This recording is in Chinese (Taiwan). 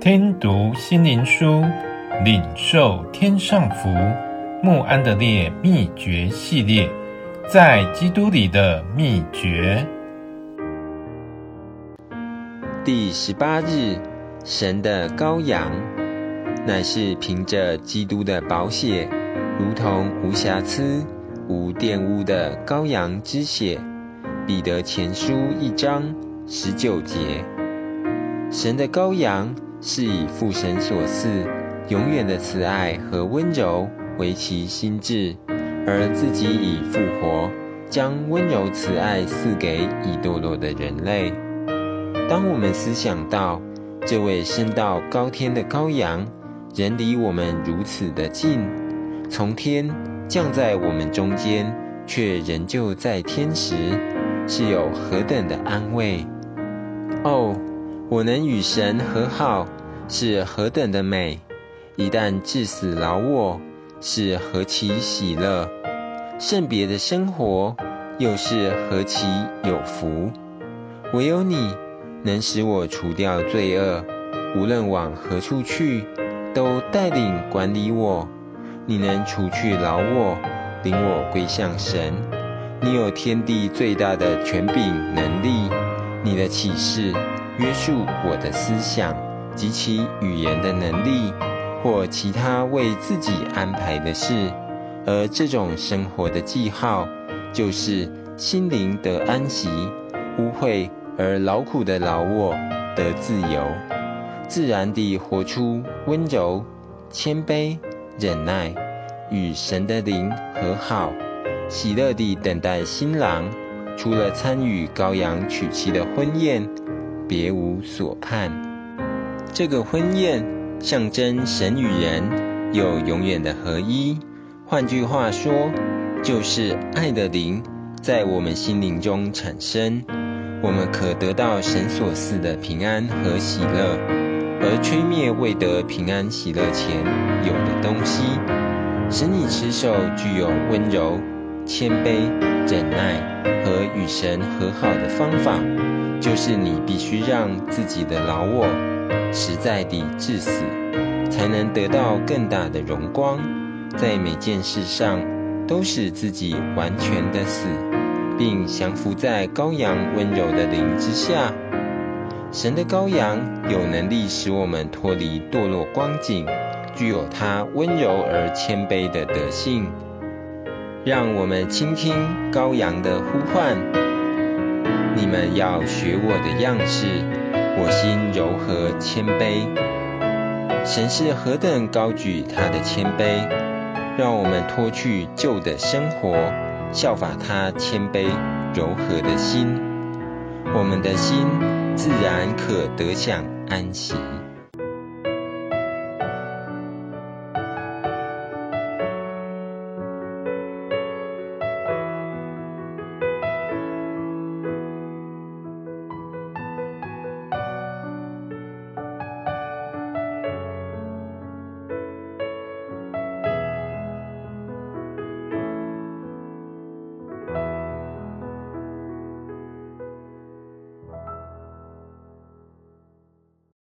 聽讀心靈書，領受天上福。慕安德烈秘訣系列，在基督裡的秘訣，第十八日，神的羔羊乃是憑着基督的寶血，如同無瑕疵、無玷污的羔羊之血。彼得前書一章十九節，神的羔羊。是以父神所賜永遠的慈愛和溫柔為其心志，而自己已復活，將溫柔慈愛賜給已墮落的人類。當我們思想到這位升到高天的羔羊，仍離我們如此的近，從天降在我們中間，却仍舊在天時，是有何等的安慰！哦。我能與神和好是何等的美！一旦治死老我，是何其喜樂！聖別的生活又是何其有福！唯有你能使我除掉罪惡，無論往何處去，都帶領管理我。你能除去老我，領我歸向神。你有天地最大的權柄能力。你的啟示。約束我的思想及其語言的能力，或其他為自己安排的事，而這種生活的記號，就是心靈得安息，污穢而勞苦的老我得自由，自然地活出溫柔、謙卑、忍耐，與神的靈和好，喜樂地等待新郎。除了參與羔羊娶妻的婚宴。別無所盼。這個婚宴象徵神與人有永遠的合一。換句話說，就是愛的靈在我們心靈中產生，我們可得到神所賜的平安和喜樂，而吹滅未得平安喜樂前有的東西，使你持守具有溫柔、謙卑、忍耐和與神和好的方法。就是你必須讓自己的老我實在地緻死，才能得到更大的榮光。在每件事上，都使自己完全的死，並降服在羔羊溫柔的靈之下。神的羔羊有能力使我們脫離墮落光景，具有他溫柔而謙卑的德性。讓我們傾聽羔羊的呼喚。你們要學我的樣式，我心柔和謙卑。神是何等高舉他的謙卑，讓我們脫去舊的生活，效法他謙卑柔和的心，我們的心自然可得享安息。